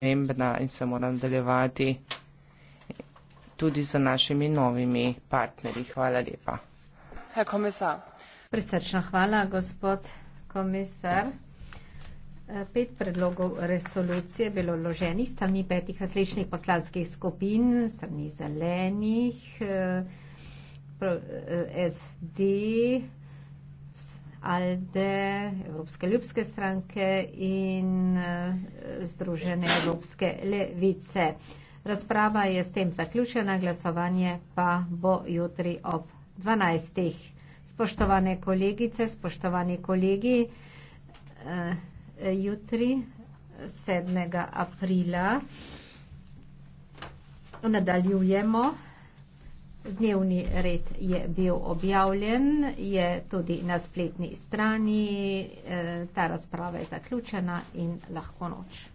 pomembna in se mora nadaljevati tudi za našimi novimi partnerji. Hvala lepa. Herr komisar. Prisrčna hvala, gospod komisar. Eh, pet predlogov resolucije je bilo loženih strani petih različnih poslanskih skupin, strani zelenih, eh, eh, SD, Alde, Evropske ljubske stranke in eh, Združene Evropske levice. Razprava je s tem zaključena, glasovanje pa bo jutri ob 12. Spoštovane kolegice, spoštovani kolegi, eh, jutri 7. aprila nadaljujemo. Dnevni red je bil objavljen, je tudi na spletni strani. Eh, ta razprava je zaključena in lahko noč.